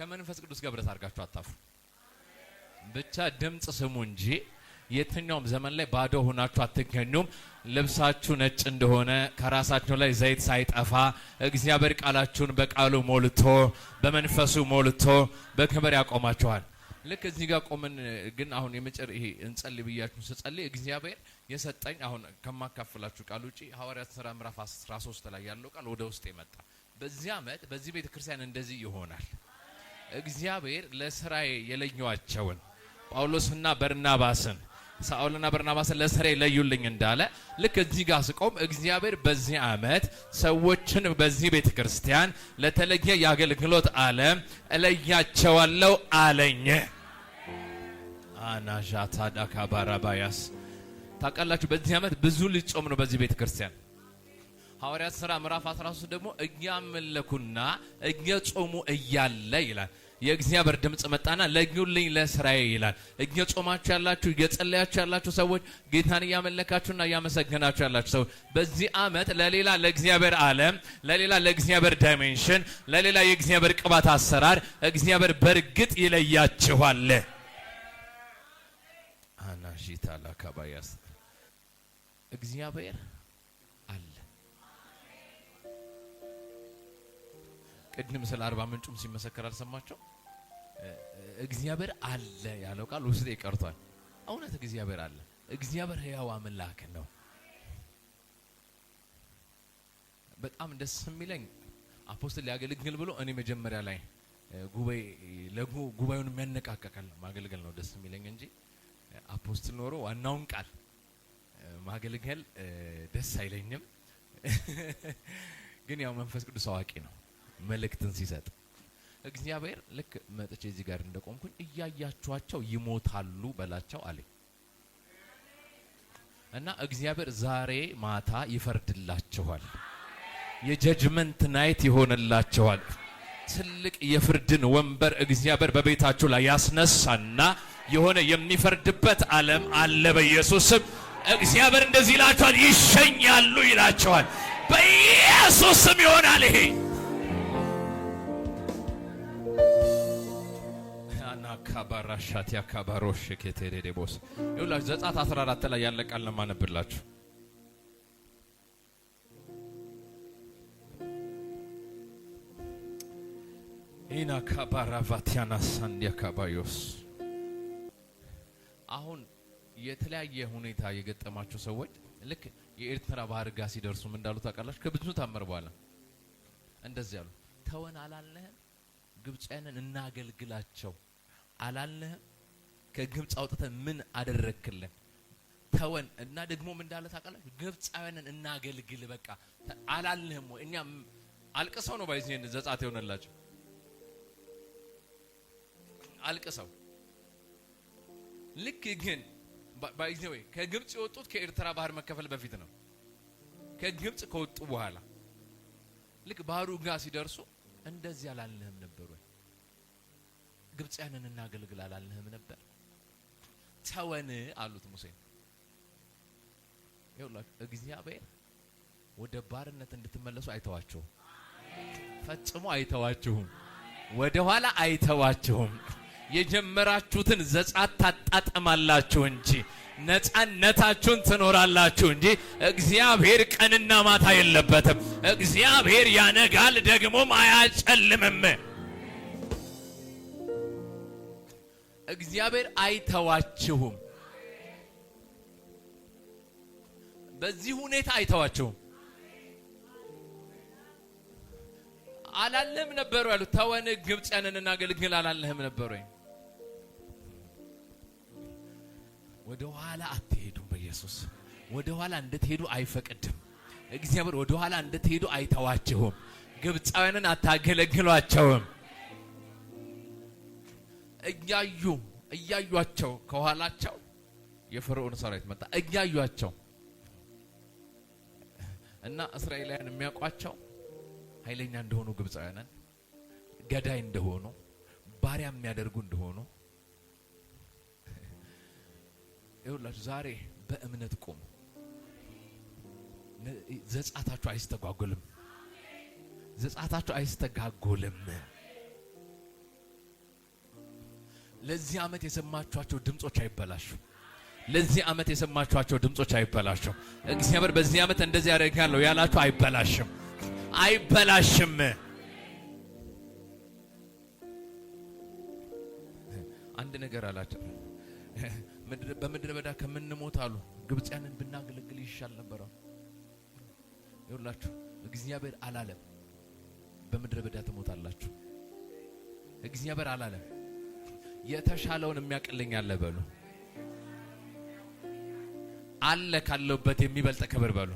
ከመንፈስ ቅዱስ ገብረት አድርጋችሁ አታፉ ብቻ ድምፅ ስሙ እንጂ የትኛውም ዘመን ላይ ባዶ ሆናችሁ አትገኙም። ልብሳችሁ ነጭ እንደሆነ ከራሳችሁ ላይ ዘይት ሳይጠፋ እግዚአብሔር ቃላችሁን በቃሉ ሞልቶ በመንፈሱ ሞልቶ በክብር ያቆማችኋል። ልክ እዚህ ጋር ቆመን ግን አሁን የመጨር ይሄ እንጸልይ ብያችሁ ስጸልይ እግዚአብሔር የሰጠኝ አሁን ከማካፍላችሁ ቃል ውጪ ሐዋርያት ሥራ ምዕራፍ 13 ላይ ያለው ቃል ወደ ውስጥ የመጣ በዚህ ዓመት በዚህ ቤተ ክርስቲያን እንደዚህ ይሆናል። እግዚአብሔር ለስራዬ የለዩዋቸውን ጳውሎስና በርናባስን ሳኦልና በርናባስን ለስራዬ ለዩልኝ እንዳለ ልክ እዚህ ጋር ስቆም እግዚአብሔር በዚህ ዓመት ሰዎችን በዚህ ቤተ ክርስቲያን ለተለየ የአገልግሎት ዓለም እለያቸዋለሁ አለኝ። አናዣታዳካ ዳካባራባያስ ታውቃላችሁ፣ በዚህ ዓመት ብዙ ልጾም ነው በዚህ ቤተ ክርስቲያን ሐዋርያት ሥራ ምዕራፍ 13 ደግሞ እኛ መለኩና እኛ ጾሙ እያለ ይላል የእግዚአብሔር ድምፅ መጣና ለግኙልኝ ለስራዬ ይላል። እየጾማችሁ ያላችሁ እየጸለያችሁ ያላችሁ ሰዎች ጌታን እያመለካችሁና እያመሰገናችሁ ያላችሁ ሰዎች በዚህ ዓመት ለሌላ ለእግዚአብሔር ዓለም ለሌላ ለእግዚአብሔር ዳይሜንሽን ለሌላ የእግዚአብሔር ቅባት አሰራር እግዚአብሔር በእርግጥ ይለያችኋል። አናሺታላካባያስ እግዚአብሔር ቅድም ስለ አርባ ምንጩም ሲመሰከር አልሰማቸው እግዚአብሔር አለ ያለው ቃል ውስጤ ቀርቷል። እውነት እግዚአብሔር አለ። እግዚአብሔር ሕያው አምላክ ነው። በጣም ደስ የሚለኝ አፖስትል ሊያገለግል ብሎ እኔ መጀመሪያ ላይ ጉባኤውን ለጉባኤውን የሚያነቃቀቀል ማገልገል ነው ደስ የሚለኝ እንጂ አፖስትል ኖሮ ዋናውን ቃል ማገልገል ደስ አይለኝም። ግን ያው መንፈስ ቅዱስ አዋቂ ነው። መልእክትን ሲሰጥ እግዚአብሔር ልክ መጥቼ እዚህ ጋር እንደቆምኩኝ እያያችኋቸው ይሞታሉ በላቸው አለኝ እና እግዚአብሔር ዛሬ ማታ ይፈርድላችኋል። የጀጅመንት ናይት ይሆንላችኋል። ትልቅ የፍርድን ወንበር እግዚአብሔር በቤታችሁ ላይ ያስነሳና የሆነ የሚፈርድበት ዓለም አለ። በኢየሱስ ስም እግዚአብሔር እንደዚህ ይላችኋል፣ ይሸኛሉ ይላቸዋል። በኢየሱስ ስም ይሆናል ይሄ ካባራሻት ያካባሮሽ ደቦስ ይሁላችሁ ዘጻት 14 ላይ ያለ ቃል ለማነብላችሁ ኢና ቫቲያና ሳንዲያ ካባዮስ አሁን የተለያየ ሁኔታ የገጠማቸው ሰዎች ልክ የኤርትራ ባህር ጋር ሲደርሱም እንዳሉ ታውቃላችሁ? ከብዙ ታመር በኋላ እንደዚህ አሉ፣ ተወን አላልንህም ግብፃውያንን እናገልግላቸው አላለህም? ከግብፅ አውጥተህ ምን አደረክልን? ተወን እና ደግሞ ምን እንዳለ ታውቃለህ፣ ግብፃውያንን እናገልግል በቃ አላልንህም ወይ? እኛ አልቅሰው ነው ባይዝ ዘጻት የሆነላቸው አልቅሰው ልክ ግን ባይዝ ወይ ከግብፅ የወጡት ከኤርትራ ባህር መከፈል በፊት ነው። ከግብፅ ከወጡ በኋላ ልክ ባህሩ ጋር ሲደርሱ እንደዚህ አላልንህም ነበር ወይ? ግብፅያንን እናገልግል አላልንህም ነበር? ተወን አሉት ሙሴን። ይኸውላችሁ እግዚአብሔር ወደ ባርነት እንድትመለሱ አይተዋችሁም፣ ፈጽሞ አይተዋችሁም፣ ወደ ኋላ አይተዋችሁም። የጀመራችሁትን ዘጻት ታጣጠማላችሁ እንጂ ነፃነታችሁን ትኖራላችሁ እንጂ እግዚአብሔር ቀንና ማታ የለበትም። እግዚአብሔር ያነጋል ደግሞም አያጨልምም። እግዚአብሔር አይተዋችሁም። በዚህ ሁኔታ አይተዋችሁም። አላለም ነበሩ ያሉት ተወን፣ ግብፅያንን እናገልግል አላለህም ነበሩ። ወደ ኋላ አትሄዱ። በኢየሱስ ወደ ኋላ እንድትሄዱ አይፈቅድም እግዚአብሔር። ወደ ኋላ እንድትሄዱ አይተዋችሁም። ግብፃውያንን አታገለግሏቸውም። እያዩ እያዩቸው ከኋላቸው የፈርዖን ሰራዊት መጣ። እያዩቸው እና እስራኤላውያን የሚያውቋቸው ኃይለኛ እንደሆኑ ግብፃውያንን ገዳይ እንደሆኑ ባሪያ የሚያደርጉ እንደሆኑ ይሁላችሁ። ዛሬ በእምነት ቁሙ። ዘጻታችሁ አይስተጓጎልም። ዘጻታችሁ አይስተጋጎልም። ለዚህ ዓመት የሰማችኋቸው ድምጾች አይበላሹ። ለዚህ ዓመት የሰማችኋቸው ድምጾች አይበላሹ። እግዚአብሔር በዚህ ዓመት እንደዚህ ያደርጋለሁ ያላችሁ አይበላሽም፣ አይበላሽም። አንድ ነገር አላቸው። በምድረ በዳ ከምንሞት አሉ ግብፅያንን ብናገለግል ይሻል ነበረ። ይውላችሁ እግዚአብሔር አላለም በምድረ በዳ ትሞታላችሁ። እግዚአብሔር አላለም። የተሻለውን የሚያቅልኝ አለ በሉ አለ ካለውበት የሚበልጥ ክብር በሉ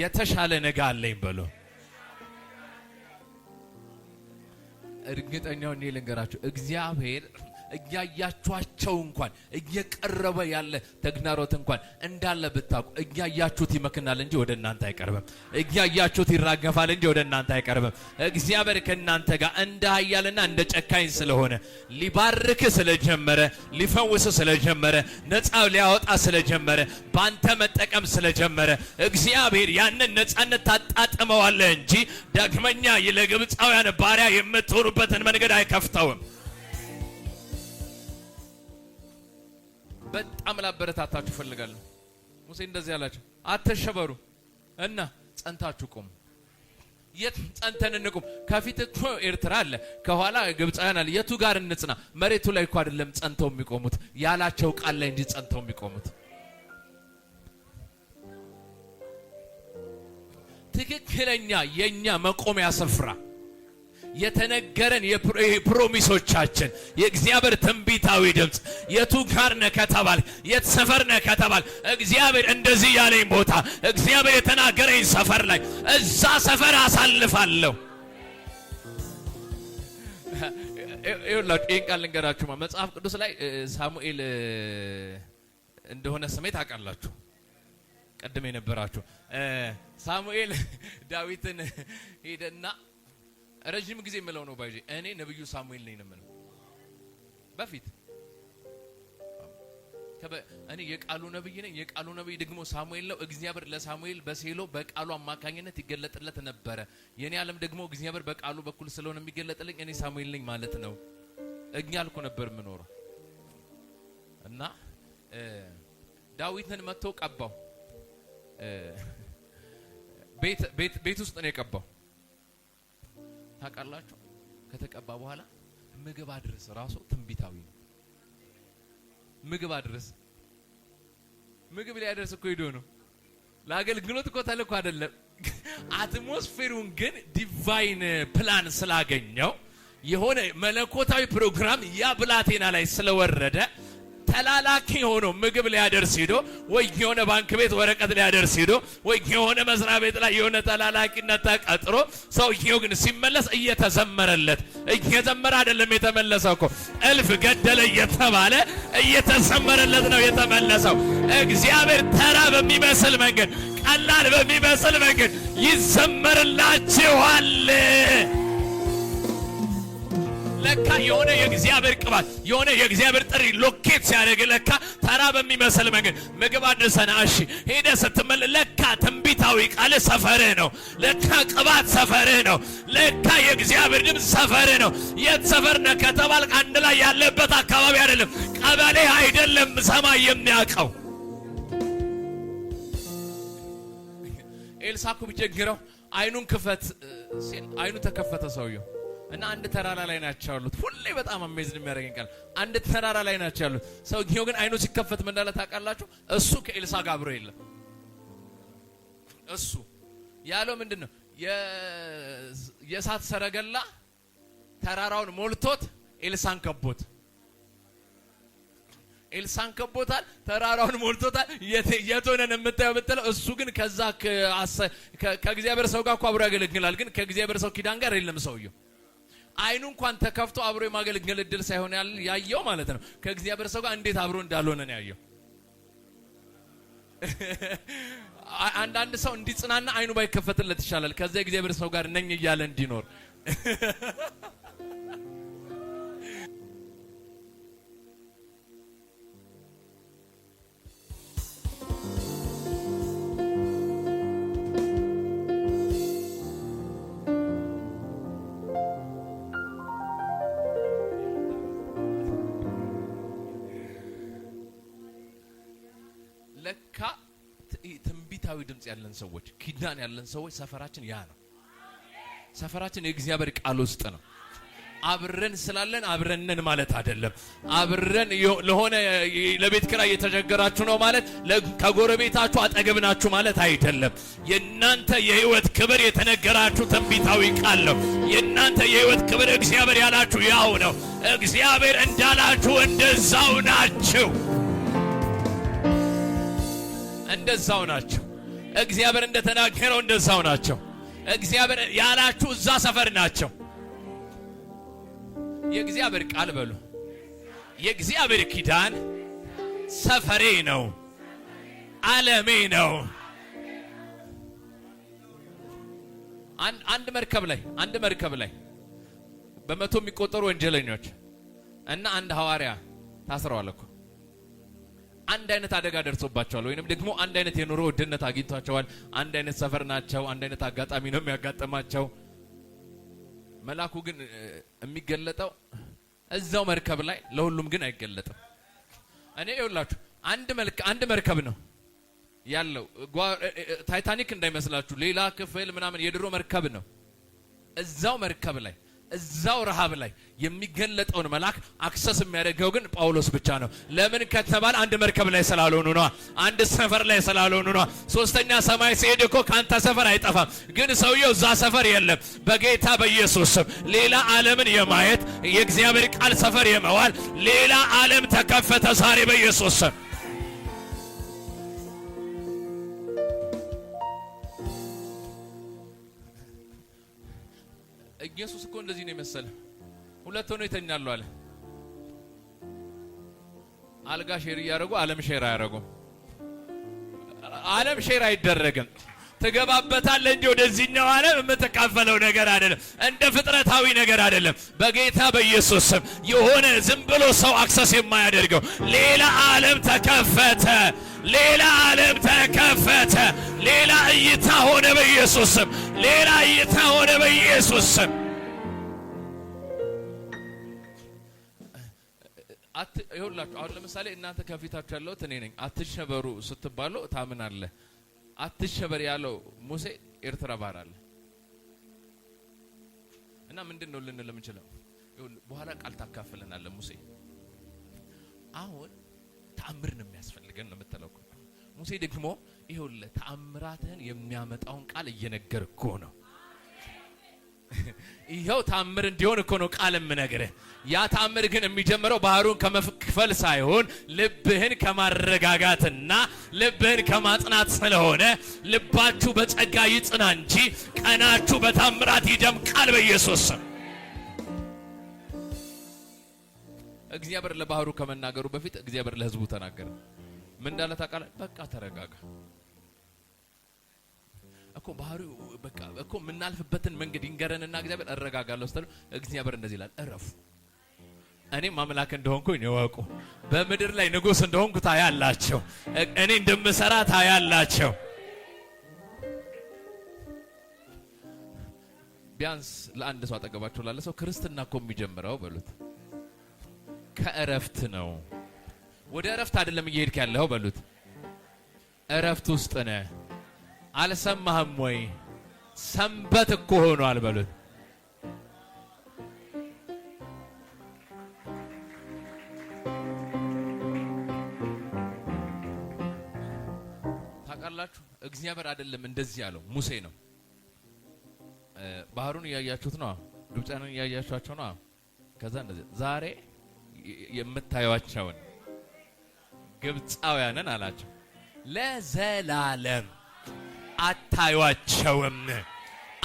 የተሻለ ነገ አለኝ በሉ። እርግጠኛው እኔ ልንገራችሁ እግዚአብሔር እያያችኋቸው እንኳን እየቀረበ ያለ ተግዳሮት እንኳን እንዳለ ብታውቁ እያያችሁት ይመክናል እንጂ ወደ እናንተ አይቀርብም። እያያችሁት ይራገፋል እንጂ ወደ እናንተ አይቀርብም። እግዚአብሔር ከእናንተ ጋር እንደ ኃያልና እንደ ጨካኝ ስለሆነ ሊባርክ ስለጀመረ፣ ሊፈውስ ስለጀመረ፣ ነፃ ሊያወጣ ስለጀመረ፣ ባንተ መጠቀም ስለጀመረ እግዚአብሔር ያንን ነፃነት ታጣጥመዋለህ እንጂ ዳግመኛ ለግብፃውያን ባሪያ የምትሆኑበትን መንገድ አይከፍተውም። በጣም ላበረታታችሁ እፈልጋለሁ። ሙሴ እንደዚህ ያላቸው አትሸበሩ እና ጸንታችሁ ቁሙ። የት ጸንተን እንቁም? ከፊት እኮ ኤርትራ አለ፣ ከኋላ ግብፃውያን አለ። የቱ ጋር እንጽና? መሬቱ ላይ እኮ አይደለም ጸንተው የሚቆሙት ያላቸው ቃል ላይ እንጂ ጸንተው የሚቆሙት ትክክለኛ የእኛ መቆሚያ ስፍራ የተነገረን የፕሮሚሶቻችን የእግዚአብሔር ትንቢታዊ ድምፅ የቱ ጋር ነ ከተባል የት ሰፈር ነህ እግዚአብሔር እንደዚህ ያለኝ ቦታ እግዚአብሔር የተናገረኝ ሰፈር ላይ እዛ ሰፈር አሳልፋለሁ። ይኸውላችሁ ይህን ቃል ልንገራችሁማ መጽሐፍ ቅዱስ ላይ ሳሙኤል እንደሆነ ስሜት አውቃላችሁ። ቀድም የነበራችሁ ሳሙኤል ዳዊትን ሄደና ረዥም ጊዜ የምለው ነው ባይ እኔ ነብዩ ሳሙኤል ነኝ የምለው በፊት እኔ የቃሉ ነብይ ነኝ። የቃሉ ነብይ ደግሞ ሳሙኤል ነው። እግዚአብሔር ለሳሙኤል በሴሎ በቃሉ አማካኝነት ይገለጥለት ነበረ። የኔ ዓለም ደግሞ እግዚአብሔር በቃሉ በኩል ስለሆነ የሚገለጥልኝ እኔ ሳሙኤል ነኝ ማለት ነው። እኛ አልኩ ነበር የምኖረው እና ዳዊትን መጥቶ ቀባው። ቤት ውስጥ ነው የቀባው ታውቃላችሁ። ከተቀባ በኋላ ምግብ አድርስ ራሱ ትንቢታዊ ነው። ምግብ አድርስ ምግብ ሊያደርስ እኮ ሄዶ ነው። ለአገልግሎት እኮ ተልኮ አይደለም። አትሞስፌሩን ግን ዲቫይን ፕላን ስላገኘው የሆነ መለኮታዊ ፕሮግራም ያ ብላቴና ላይ ስለወረደ ተላላኪ ሆኖ ምግብ ሊያደርስ ሂዶ ወይ የሆነ ባንክ ቤት ወረቀት ሊያደርስ ሂዶ ወይ የሆነ መስሪያ ቤት ላይ የሆነ ተላላኪነት ተቀጥሮ ሰውየው ግን ሲመለስ እየተዘመረለት እየዘመረ አይደለም የተመለሰው እኮ እልፍ ገደለ እየተባለ እየተዘመረለት ነው የተመለሰው። እግዚአብሔር ተራ በሚመስል መንገድ፣ ቀላል በሚመስል መንገድ ይዘመርላችኋል። ለካ የሆነ የእግዚአብሔር ቅባት የሆነ የእግዚአብሔር ጥሪ ሎኬት ሲያደርግ ለካ ተራ በሚመስል መንገድ ምግብ አድርሰና እሺ ሄደ ስትመል ለካ ትንቢታዊ ቃል ሰፈርህ ነው። ለካ ቅባት ሰፈርህ ነው። ለካ የእግዚአብሔር ድምፅ ሰፈርህ ነው። የት ሰፈር ነህ ከተባልክ አንድ ላይ ያለበት አካባቢ አይደለም፣ ቀበሌ አይደለም፣ ሰማይ የሚያውቀው ኤልሳኩ ቢጀግረው አይኑን ክፈት፣ አይኑ ተከፈተ ሰውየው እና አንድ ተራራ ላይ ናቸው ያሉት። ሁሌ በጣም አሜዝድ የሚያደርገኝ ቃል አንድ ተራራ ላይ ናቸው ያሉት። ሰውየው ግን አይኑ ሲከፈት ምን እንዳለ ታውቃላችሁ? እሱ ከኤልሳ ጋር አብሮ የለም። እሱ ያለው ምንድን ነው? የእሳት ሰረገላ ተራራውን ሞልቶት ኤልሳን ከቦት ኤልሳን ከቦታል። ተራራውን ሞልቶታል። የት ሆነን የምታየው ብትለው እሱ ግን ከዛ ከእግዚአብሔር ሰው ጋር እኮ አብሮ ያገለግላል። ግን ከእግዚአብሔር ሰው ኪዳን ጋር የለም ሰውየው አይኑ እንኳን ተከፍቶ አብሮ የማገልገል እድል ሳይሆን ያየው ማለት ነው። ከእግዚአብሔር ሰው ጋር እንዴት አብሮ እንዳልሆነ ነው ያየው። አንዳንድ ሰው እንዲጽናና አይኑ ባይከፈትለት ይሻላል። ከዚያ እግዚአብሔር ሰው ጋር ነኝ እያለ እንዲኖር ድምፅ ያለን ሰዎች፣ ኪዳን ያለን ሰዎች ሰፈራችን ያ ነው። ሰፈራችን የእግዚአብሔር ቃል ውስጥ ነው። አብረን ስላለን አብረንን ማለት አይደለም። አብረን ለሆነ ለቤት ክራ እየተጀገራችሁ ነው ማለት ከጎረቤታችሁ አጠገብ ናችሁ ማለት አይደለም። የእናንተ የህይወት ክብር የተነገራችሁ ትንቢታዊ ቃል ነው። የእናንተ የህይወት ክብር እግዚአብሔር ያላችሁ ያው ነው። እግዚአብሔር እንዳላችሁ እንደዛው ናችሁ፣ እንደዛው ናችሁ። እግዚአብሔር እንደተናገረው እንደዛው ናቸው። እግዚአብሔር ያላችሁ እዛ ሰፈር ናቸው። የእግዚአብሔር ቃል በሉ የእግዚአብሔር ኪዳን ሰፈሬ ነው፣ ዓለሜ ነው። አንድ መርከብ ላይ አንድ መርከብ ላይ በመቶ የሚቆጠሩ ወንጀለኞች እና አንድ ሐዋርያ ታስረዋል እኮ አንድ አይነት አደጋ ደርሶባቸዋል፣ ወይንም ደግሞ አንድ አይነት የኑሮ ውድነት አግኝቷቸዋል። አንድ አይነት ሰፈር ናቸው። አንድ አይነት አጋጣሚ ነው የሚያጋጥማቸው። መልአኩ ግን የሚገለጠው እዛው መርከብ ላይ ለሁሉም ግን አይገለጥም። እኔ ይኸውላችሁ አንድ መርከብ ነው ያለው ታይታኒክ እንዳይመስላችሁ፣ ሌላ ክፍል ምናምን የድሮ መርከብ ነው እዛው መርከብ ላይ እዛው ረሃብ ላይ የሚገለጠውን መልአክ አክሰስ የሚያደርገው ግን ጳውሎስ ብቻ ነው። ለምን ከተባል አንድ መርከብ ላይ ስላልሆኑ ነዋ። አንድ ሰፈር ላይ ስላልሆኑ ነዋ። ሶስተኛ ሰማይ ሲሄድ እኮ ከአንተ ሰፈር አይጠፋም፣ ግን ሰውየው እዛ ሰፈር የለም። በጌታ በኢየሱስ ስም ሌላ ዓለምን የማየት የእግዚአብሔር ቃል ሰፈር የመዋል ሌላ ዓለም ተከፈተ ዛሬ በኢየሱስ ስም ኢየሱስ እኮ እንደዚህ ነው የመሰለ ሁለት ሆኖ ይተኛሉ አለ። አልጋ ሼር እያደረጉ አለም ሼር አያደረጉም። አለም ሼር አይደረግም። ትገባበታለህ እንጂ ወደዚህኛው ዓለም የምትካፈለው ነገር አይደለም። እንደ ፍጥረታዊ ነገር አይደለም። በጌታ በኢየሱስ ስም የሆነ ዝም ብሎ ሰው አክሰስ የማያደርገው ሌላ ዓለም ተከፈተ፣ ሌላ ዓለም ተከፈተ፣ ሌላ እይታ ሆነ በኢየሱስ ስም፣ ሌላ እይታ ሆነ በኢየሱስ ስም። ይሁላችሁ አሁን ለምሳሌ እናንተ ከፊታችሁ ያለሁት እኔ ነኝ። አትሸበሩ ስትባሉ ታምናለህ። አትሸበር ያለው ሙሴ ኤርትራ ባህር አለ እና ምንድን ነው ልንል የምንችለው? በኋላ ቃል ታካፍለናለ ሙሴ አሁን ተአምር ነው የሚያስፈልገን ነው የምትለው። ሙሴ ደግሞ ይኸውልህ ተአምራትህን የሚያመጣውን ቃል እየነገርኩ ነው ይኸው ታምር እንዲሆን እኮ ነው ቃል የምነግርህ። ያ ታምር ግን የሚጀምረው ባህሩን ከመክፈል ሳይሆን ልብህን ከማረጋጋትና ልብህን ከማጽናት ስለሆነ ልባችሁ በጸጋ ይጽና እንጂ ቀናችሁ በታምራት ይደምቃል በኢየሱስ ስም። እግዚአብሔር ለባህሩ ከመናገሩ በፊት እግዚአብሔር ለሕዝቡ ተናገረ። ምን እንዳለ ታውቃለህ? በቃ ተረጋጋ እኮ ባህሪው በቃ እኮ የምናልፍበትን መንገድ ይንገረንና እግዚአብሔር እረጋጋለሁ ስትሉ እግዚአብሔር እንደዚህ ይላል፣ እረፉ እኔም ማምላክ እንደሆንኩኝ እወቁ። በምድር ላይ ንጉሥ እንደሆንኩ ታያላቸው። እኔ እንደምሰራ ታያላቸው። ቢያንስ ለአንድ ሰው አጠገባቸው ላለ ሰው ክርስትና እኮ የሚጀምረው በሉት ከእረፍት ነው። ወደ እረፍት አይደለም እየሄድክ ያለው በሉት እረፍት ውስጥ ነህ። አልሰማህም ወይ? ሰንበት እኮ ሆኗል በሉት። ታውቃላችሁ፣ እግዚአብሔር አይደለም እንደዚህ ያለው ሙሴ ነው። ባህሩን እያያችሁት ነው። ግብፃንን እያያችኋቸው ነው። ከዛ እንደዚህ ዛሬ የምታዩቸውን ግብፃውያንን አላቸው ለዘላለም አታዩቸውም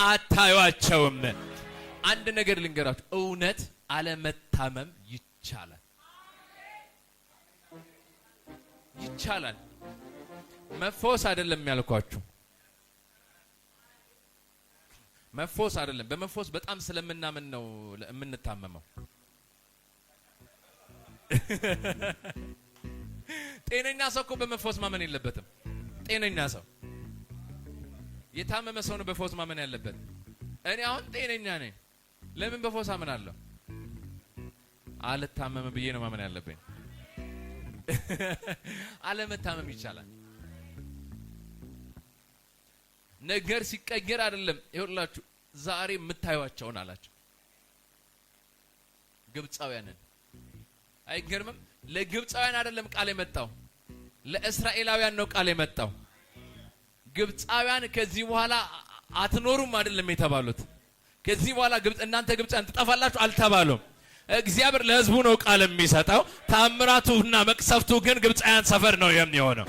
አታዩቸውም። አንድ ነገር ልንገራችሁ፣ እውነት አለመታመም ይቻላል ይቻላል። መፈወስ አይደለም ያልኳችሁ መፈወስ አይደለም። በመፈወስ በጣም ስለምናምን ነው የምንታመመው። ጤነኛ ሰው እኮ በመፈወስ ማመን የለበትም። ጤነኛ ሰው የታመመ ሰው ነው በፎስ ማመን ያለበት። እኔ አሁን ጤነኛ ነኝ፣ ለምን በፎስ አምናለሁ? አልታመም ብዬ ነው ማመን ያለብኝ። አለመታመም ይቻላል። ነገር ሲቀየር አይደለም። ይኸውላችሁ ዛሬ የምታዩቸውን አላቸው ግብፃውያንን። አይገርምም? ለግብፃውያን አይደለም ቃል የመጣው ለእስራኤላውያን ነው ቃል የመጣው። ግብፃውያን ከዚህ በኋላ አትኖሩም አይደለም የተባሉት። ከዚህ በኋላ ግብፅ እናንተ ግብፃን ትጠፋላችሁ አልተባሉም። እግዚአብሔር ለህዝቡ ነው ቃል የሚሰጠው። ታምራቱና መቅሰፍቱ ግን ግብፃውያን ሰፈር ነው የሚሆነው።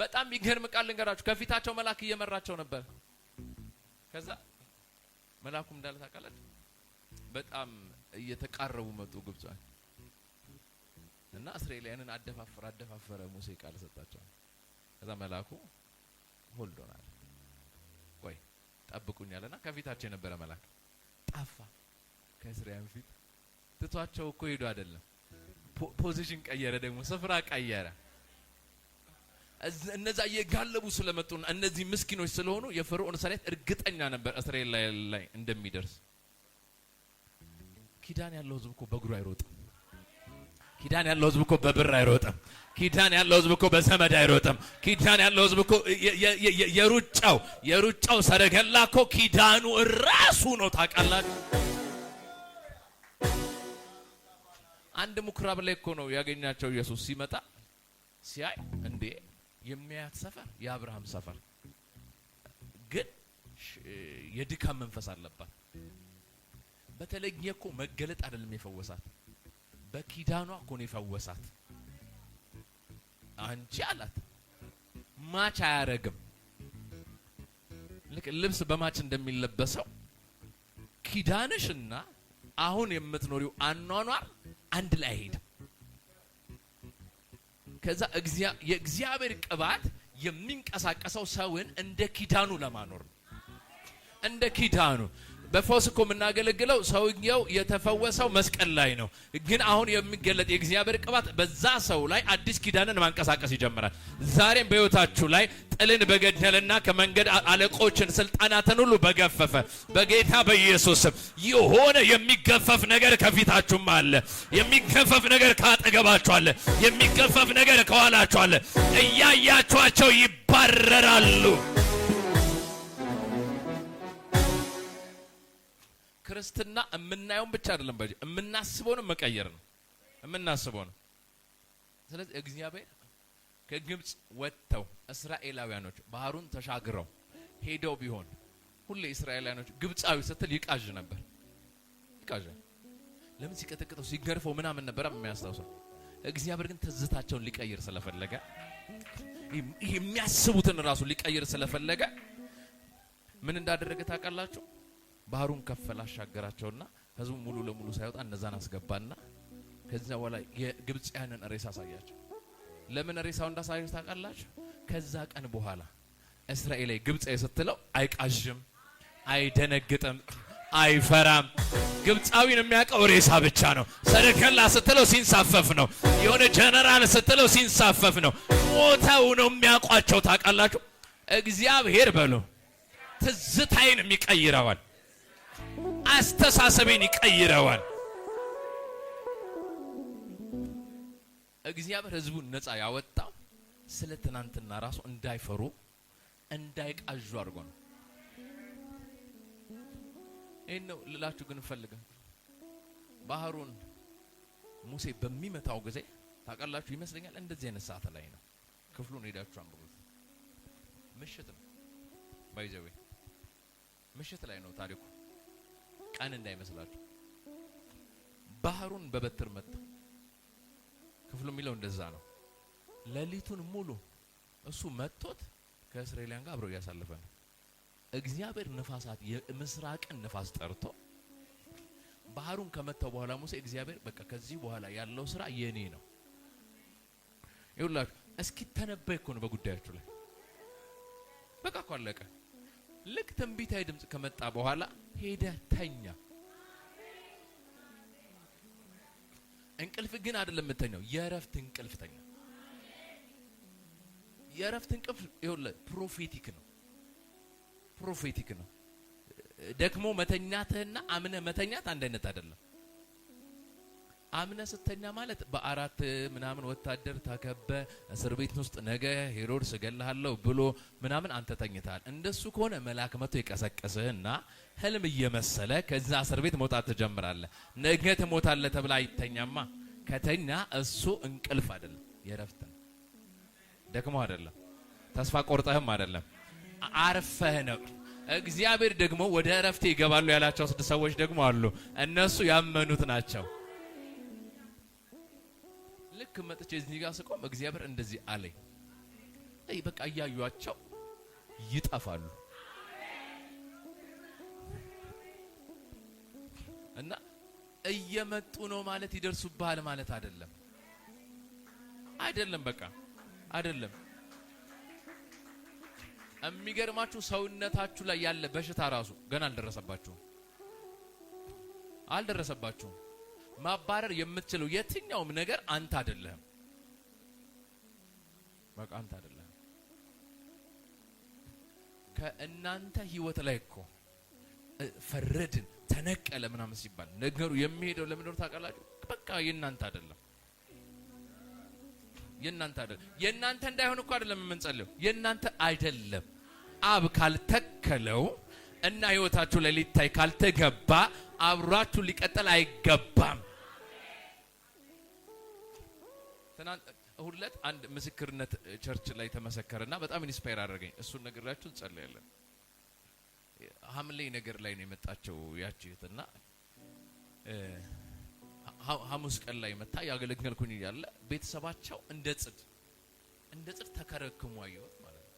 በጣም ይገርም ቃል ልንገራችሁ። ከፊታቸው መልአክ እየመራቸው ነበር። ከዛ መልአኩም እንዳለ ታውቃላችሁ፣ በጣም እየተቃረቡ መጡ ግብፃውያን እና እስራኤላውያንን አደፋፈረ አደፋፈረ። ሙሴ ቃል ሰጣቸው። ከዛ መልአኩ ሆልድ ሆናል። ቆይ ጠብቁኛል ከፊታቸው የነበረ መልአክ ጠፋ። ከእስራኤል ፊት ትቷቸው እኮ ሄዱ አይደለም። ፖዚሽን ቀየረ፣ ደግሞ ስፍራ ቀየረ። እነዛ እየጋለቡ ስለመጡና እነዚህ ምስኪኖች ስለሆኑ የፈርዖን ሰራዊት እርግጠኛ ነበር እስራኤል ላይ እንደሚደርስ። ኪዳን ያለው ህዝብ እኮ በእግሩ አይሮጥም። ኪዳን ያለው ህዝብ እኮ በብር አይሮጥም። ኪዳን ያለው ህዝብ እኮ በዘመድ አይሮጥም። ኪዳን ያለው ህዝብ እኮ የሩጫው የሩጫው ሰረገላ እኮ ኪዳኑ ራሱ ነው። ታውቃላችሁ፣ አንድ ምኩራብ ላይ እኮ ነው ያገኛቸው። ኢየሱስ ሲመጣ ሲያይ እንዴ የሚያያት ሰፈር የአብርሃም ሰፈር ግን የድካም መንፈስ አለባት። በተለየ እኮ መገለጥ አይደለም የፈወሳት በኪዳኗ እኮ ነው የፈወሳት። አንቺ አላት ማች አያረግም። ልክ ልብስ በማች እንደሚለበሰው ኪዳንሽና አሁን የምትኖሪው አኗኗር አንድ ላይ አይሄድም። ከዛ የእግዚአብሔር ቅባት የሚንቀሳቀሰው ሰውን እንደ ኪዳኑ ለማኖር ነው። እንደ ኪዳኑ በፈውስ እኮ የምናገለግለው ሰውየው የተፈወሰው መስቀል ላይ ነው። ግን አሁን የሚገለጥ የእግዚአብሔር ቅባት በዛ ሰው ላይ አዲስ ኪዳንን ማንቀሳቀስ ይጀምራል። ዛሬም በሕይወታችሁ ላይ ጥልን በገደለና ከመንገድ አለቆችን ስልጣናትን ሁሉ በገፈፈ በጌታ በኢየሱስ የሆነ የሚገፈፍ ነገር ከፊታችሁም አለ። የሚገፈፍ ነገር ካጠገባችሁ አለ። የሚገፈፍ ነገር ከኋላችሁ አለ። እያያችኋቸው ይባረራሉ። ክርስትና የምናየውን ብቻ አይደለም በ የምናስበውንም መቀየር ነው የምናስበው ነው። ስለዚህ እግዚአብሔር ከግብፅ ወጥተው እስራኤላውያኖች ባህሩን ተሻግረው ሄደው ቢሆን ሁሌ እስራኤላውያኖች ግብፃዊ ስትል ይቃዥ ነበር። ይቃዥ ለምን ሲቀጠቅጠው ሲገርፈው ምናምን ነበረ የሚያስታውሰው። እግዚአብሔር ግን ትዝታቸውን ሊቀይር ስለፈለገ የሚያስቡትን ራሱ ሊቀይር ስለፈለገ ምን እንዳደረገ ታውቃላችሁ? ባህሩን ከፈል አሻገራቸውና ህዝቡ ሙሉ ለሙሉ ሳይወጣ እነዛን አስገባና ከዚያ በኋላ የግብፅያንን ሬሳ አሳያቸው። ለምን ሬሳው እንዳሳዩት ታውቃላችሁ? ከዛ ቀን በኋላ እስራኤላዊ ግብፃዊ ስትለው አይቃዥም፣ አይደነግጥም፣ አይፈራም። ግብፃዊን የሚያውቀው ሬሳ ብቻ ነው። ሰረከላ ስትለው ሲንሳፈፍ ነው። የሆነ ጀነራል ስትለው ሲንሳፈፍ ነው። ሞተው ነው የሚያውቋቸው። ታውቃላችሁ? እግዚአብሔር በሉ ትዝታይን የሚቀይረዋል። አስተሳሰቤን ይቀይረዋል። እግዚአብሔር ህዝቡን ነፃ ያወጣው ስለ ትናንትና ራሱ እንዳይፈሩ እንዳይቃዡ አድርጎ ነው። ይህን ነው ልላችሁ ግን እንፈልገ ባህሩን ሙሴ በሚመታው ጊዜ ታውቃላችሁ ይመስለኛል እንደዚህ አይነት ሰዓት ላይ ነው። ክፍሉን ሄዳችሁ አንብቡት። ምሽት ነው ባይዘዌ ምሽት ላይ ነው ታሪኩ። ቀን እንዳይመስላችሁ። ባህሩን በበትር መታ። ክፍሉ የሚለው እንደዛ ነው። ሌሊቱን ሙሉ እሱ መጥቶት ከእስራኤላውያን ጋር አብረው እያሳለፈ ነው። እግዚአብሔር ንፋሳት የምስራቅን ነፋስ ጠርቶ ባህሩን ከመታው በኋላ ሙሴ እግዚአብሔር በቃ ከዚህ በኋላ ያለው ስራ የኔ ነው ይሁላችሁ እስኪ ተነበይ እኮ ነው በጉዳያችሁ ላይ በቃ እኮ አለቀ። ልክ ትንቢታዊ ድምፅ ከመጣ በኋላ ሄደ ተኛ። እንቅልፍ ግን አይደለም የምተኛው፣ የእረፍት እንቅልፍ ተኛ። የእረፍት እንቅልፍ ይኸውልህ ፕሮፌቲክ ነው፣ ፕሮፌቲክ ነው። ደክሞ መተኛትህና አምነ መተኛት አንድ አይነት አይደለም። አምነ ስተኛ ማለት በአራት ምናምን ወታደር ተከበ እስር ቤት ውስጥ ነገ ሄሮድስ እገልሃለሁ ብሎ ምናምን አንተ ተኝታል። እንደሱ ከሆነ መልአክ መጥቶ የቀሰቀስህና ህልም እየመሰለ ከዛ እስር ቤት መውጣት ትጀምራለህ። ነገ ትሞታለህ ተብላ አይተኛማ። ከተኛ እሱ እንቅልፍ አይደለም፣ የረፍት ደክሞ አይደለም፣ ተስፋ ቆርጠህም አይደለም፣ አርፈህ ነው። እግዚአብሔር ደግሞ ወደ እረፍቴ ይገባሉ ያላቸው ስድስት ሰዎች ደግሞ አሉ። እነሱ ያመኑት ናቸው። ልክ መጥቼ እዚህ ጋር ስቆም እግዚአብሔር እንደዚህ አለኝ። አይ በቃ እያዩቸው ይጠፋሉ እና እየመጡ ነው ማለት ይደርሱብሃል ማለት አይደለም። አይደለም በቃ አይደለም። የሚገርማችሁ ሰውነታችሁ ላይ ያለ በሽታ ራሱ ገና አልደረሰባችሁም አልደረሰባችሁም። ማባረር የምትችለው የትኛውም ነገር አንተ አይደለህም። በቃ አንተ አይደለህም። ከእናንተ ህይወት ላይ እኮ ፈረድን ተነቀለ ምናምን ሲባል ነገሩ የሚሄደው ለምንድነው ታውቃላችሁ? በቃ የእናንተ አይደለም የእናንተ አይደለም። የእናንተ እንዳይሆን እኮ አይደለም የምንጸልየው። የእናንተ አይደለም። አብ ካልተከለው እና ህይወታችሁ ላይ ሊታይ ካልተገባ አብሯችሁ ሊቀጥል አይገባም። ትናንት እሁድ ዕለት አንድ ምስክርነት ቸርች ላይ ተመሰከረና በጣም ኢንስፓየር አደረገኝ። እሱን ነግራችሁ እንጸልያለን። ሐምሌ ነገር ላይ ነው የመጣቸው ያቺ ሀሙስ ሐሙስ ቀን ላይ መታ ያገለግልኩኝ እያለ ቤተሰባቸው እንደ ጽድ እንደ ጽድ ተከረክሙ አየሁት ማለት ነው።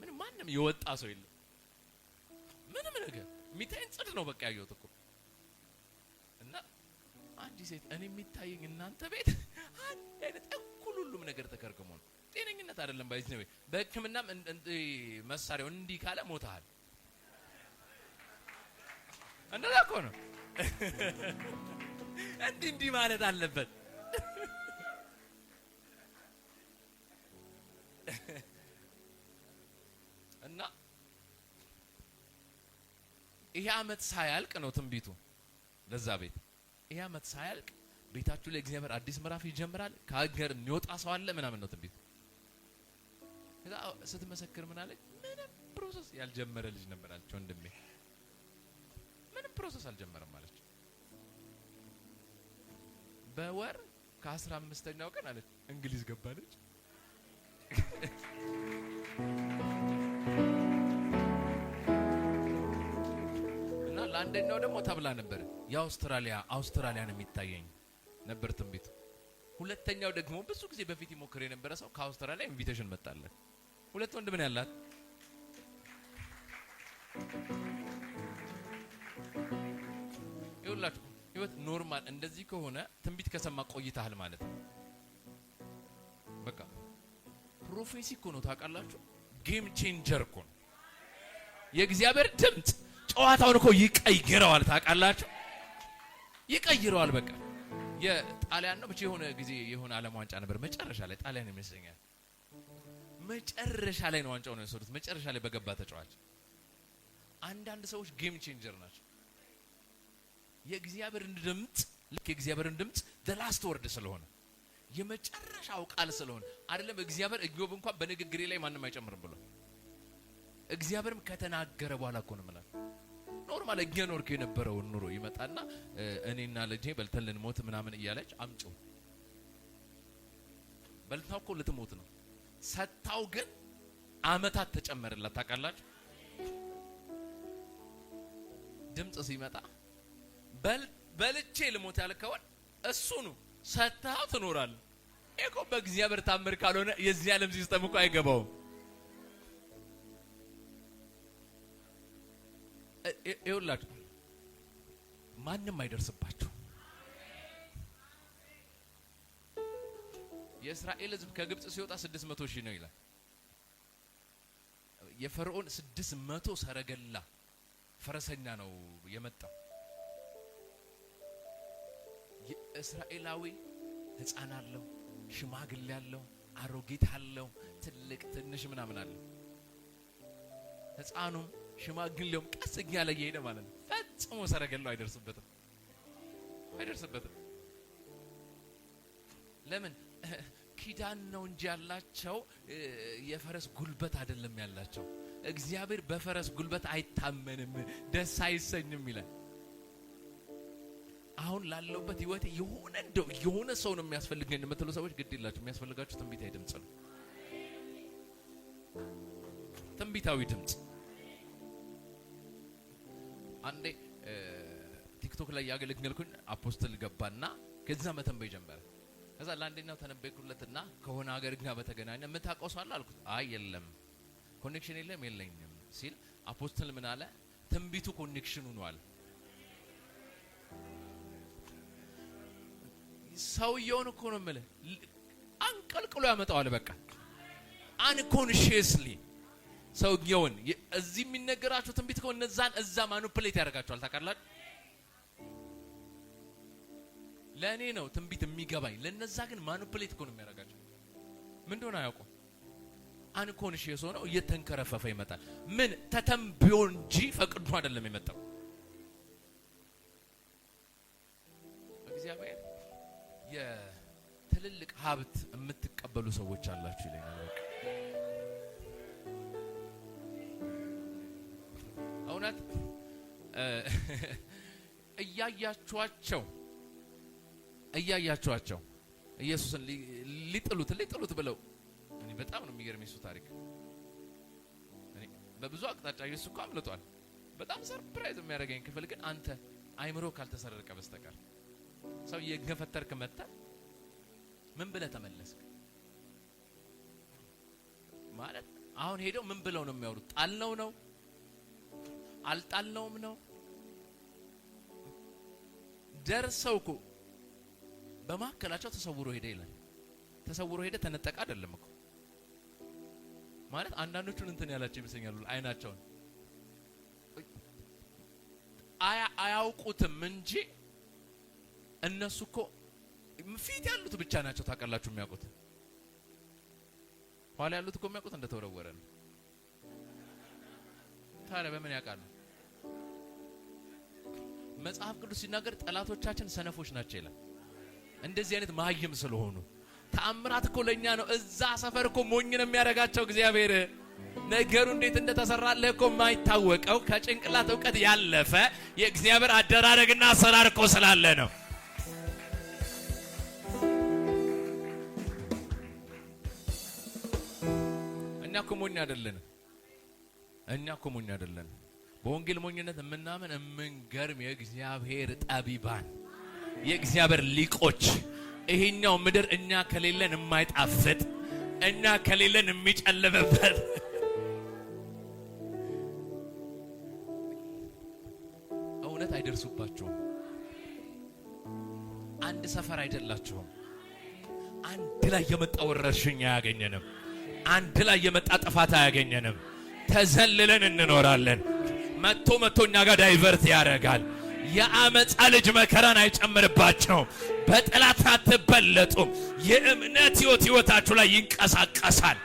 ምንም ማንም የወጣ ሰው የለም ምንም ነገር ሚታይን ጽድ ነው በቃ ያየሁት እኮ አዲስ ሴት እኔ የሚታየኝ እናንተ ቤት አንድ አይነት እኩል ሁሉም ነገር ተከርክሞ ነው። ጤነኝነት አይደለም። ባይዝ ነው በሕክምናም መሳሪያው እንዲህ ካለ ሞታል። እንደዛ እኮ ነው። እንዲህ እንዲህ ማለት አለበት። እና ይሄ አመት ሳያልቅ ነው ትንቢቱ ለዛ ቤት ይህ ዓመት ሳያልቅ ቤታችሁ ላይ እግዚአብሔር አዲስ ምዕራፍ ይጀምራል፣ ከሀገር የሚወጣ ሰው አለ ምናምን ነው ትንቢት። ከዛ ስትመሰክር ምን አለች? ምንም ፕሮሰስ ያልጀመረ ልጅ ነበር አለች። ወንድሜ ምንም ፕሮሰስ አልጀመረም አለች። በወር ከአስራ አምስተኛው ቀን አለች እንግሊዝ ገባለች። እና ለአንደኛው ደግሞ ተብላ ነበር የአውስትራሊያ አውስትራሊያን የሚታየኝ ነበር ትንቢቱ። ሁለተኛው ደግሞ ብዙ ጊዜ በፊት ይሞክር የነበረ ሰው ከአውስትራሊያ ኢንቪቴሽን መጣለን። ሁለት ወንድ ምን ያላት ይውላችሁ ህይወት ኖርማል እንደዚህ ከሆነ ትንቢት ከሰማ ቆይታህል ማለት ነው። በቃ ፕሮፌሲ እኮ ነው ታውቃላችሁ። ጌም ቼንጀር እኮ ነው። የእግዚአብሔር ድምፅ ጨዋታውን እኮ ይቀይረዋል ታውቃላችሁ። ይቀይረዋል። በቃ የጣሊያን ነው ብቻ የሆነ ጊዜ የሆነ ዓለም ዋንጫ ነበር መጨረሻ ላይ ጣሊያን ይመስለኛል። መጨረሻ ላይ ነው ዋንጫውን ነው የወሰዱት። መጨረሻ ላይ በገባ ተጫዋች። አንዳንድ ሰዎች ጌም ቼንጀር ናቸው። የእግዚአብሔርን ድምፅ ልክ የእግዚአብሔርን ድምፅ ላስት ወርድ ስለሆነ የመጨረሻው ቃል ስለሆነ አይደለም። እግዚአብሔር ኢዮብ እንኳን በንግግሬ ላይ ማንም አይጨምርም ብሏል። እግዚአብሔርም ከተናገረ በኋላ እኮ ነው የምላል ኖርማል እየኖርክ የነበረውን ኑሮ ይመጣና እኔና ልጄ በልተን ልንሞት ምናምን እያለች አምጪው በልታው እኮ ልትሞት ነው። ሰታው ግን አመታት ተጨመረላት። ታውቃላችሁ ድምፅ ሲመጣ በልቼ ልሞት ከሆን እሱ ነው ሰታው ትኖራለህ። እኮ በእግዚአብሔር ታምር ካልሆነ የዚህ ዓለም ሲስተም እኮ አይገባውም። ይኸውላችሁ ማንም አይደርስባችሁ። የእስራኤል ሕዝብ ከግብፅ ሲወጣ ስድስት መቶ ሺህ ነው ይላል። የፈርዖን ስድስት መቶ ሰረገላ ፈረሰኛ ነው የመጣው። የእስራኤላዊ ህፃን አለው፣ ሽማግሌ አለው፣ አሮጊት አለው፣ ትልቅ ትንሽ ምናምን አለው። ህፃኑም ሽማግሌውም ቀስ እያለ እየሄደ ማለት ነው። ፈጽሞ ሰረገላው አይደርስበትም አይደርስበትም። ለምን ኪዳን ነው እንጂ ያላቸው የፈረስ ጉልበት አይደለም ያላቸው። እግዚአብሔር በፈረስ ጉልበት አይታመንም፣ ደስ አይሰኝም ይላል። አሁን ላለውበት ህይወት የሆነ እንደው የሆነ ሰው ነው የሚያስፈልገኝ የምትሉ ሰዎች ግድ የላችሁ። የሚያስፈልጋችሁ ትንቢታዊ ድምፅ ነው። ትንቢታዊ ድምፅ አንዴ ቲክቶክ ላይ ያገለግልኩኝ አፖስትል ገባና ከዛ መተንበይ ጀመረ። ከዛ ለአንዴኛው ተነበይኩለትና ከሆነ ሀገር ጋር በተገናኘ የምታውቀው ሰው አለ አልኩት። አይ የለም፣ ኮኔክሽን የለም የለኝም ሲል አፖስትል ምን አለ፣ ትንቢቱ ኮኔክሽን ሆኗል። አለ። ሰውየውን እኮ ነው የምልህ አንቀልቅሎ ያመጣዋል። በቃ አንኮንሽየስሊ ሰውየውን እዚህ የሚነገራቸው ትንቢት ከሆነ እነዛን እዛ ማኑፕሌት ያደርጋቸዋል። ታውቃላችሁ፣ ለእኔ ነው ትንቢት የሚገባኝ፣ ለነዛ ግን ማኑፕሌት እኮ ነው የሚያደርጋቸው። ምን እንደሆነ አያውቁም። አንኮንሽየስ ነው እየተንከረፈፈ ይመጣል። ምን ተተንብዮ እንጂ ፈቅዶ አይደለም የመጣው እግዚአብሔር። የትልልቅ ሀብት የምትቀበሉ ሰዎች አላችሁ ይለኛል። በእውነት እያያችኋቸው እያያችኋቸው ኢየሱስን ሊጥሉት ሊጥሉት ብለው እኔ በጣም ነው የሚገርም የሱ ታሪክ። በብዙ አቅጣጫ ኢየሱስ እኮ አምልጧል። በጣም ሰርፕራይዝ የሚያደርገኝ ክፍል ግን አንተ አይምሮ ካልተሰረቀ በስተቀር ሰው የገፈተርክ መተ ምን ብለ ተመለስክ ማለት አሁን ሄደው ምን ብለው ነው የሚያወሩት? ጣልነው ነው አልጣልነውም ነው ደርሰው እኮ በማዕከላቸው ተሰውሮ ሄደ ይላል። ተሰውሮ ሄደ ተነጠቀ አይደለም እኮ ማለት አንዳንዶቹን እንትን ያላቸው ይመስለኛል። አይናቸውን አያውቁትም እንጂ እነሱ እኮ ፊት ያሉት ብቻ ናቸው ታቀላችሁ የሚያውቁት ኋላ ያሉት እኮ የሚያውቁት እንደተወረወረ ነው። ታዲያ በምን ያውቃሉ? መጽሐፍ ቅዱስ ሲናገር ጠላቶቻችን ሰነፎች ናቸው ይላል። እንደዚህ አይነት መሀይም ስለሆኑ ተአምራት እኮ ለእኛ ነው። እዛ ሰፈር እኮ ሞኝ ነው የሚያደርጋቸው እግዚአብሔር። ነገሩ እንዴት እንደተሰራለህ እኮ የማይታወቀው ከጭንቅላት እውቀት ያለፈ የእግዚአብሔር አደራረግና አሰራር እኮ ስላለ ነው። እኛ እኮ ሞኝ አይደለንም። እኛ እኮ ሞኝ አይደለን። በወንጌል ሞኝነት የምናምን የምንገርም የእግዚአብሔር ጠቢባን የእግዚአብሔር ሊቆች ይሄኛው ምድር እኛ ከሌለን የማይጣፍጥ እኛ ከሌለን የሚጨልምበት እውነት አይደርሱባቸውም አንድ ሰፈር አይደላቸውም አንድ ላይ የመጣ ወረርሽኝ አያገኘንም። አንድ ላይ የመጣ ጥፋት አያገኘንም። ተዘልለን እንኖራለን። መቶ መቶ እኛ ጋር ዳይቨርት ያደርጋል። የአመፃ ልጅ መከራን አይጨምርባቸውም። በጠላት አትበለጡም። የእምነት ሕይወት ሕይወታችሁ ላይ ይንቀሳቀሳል።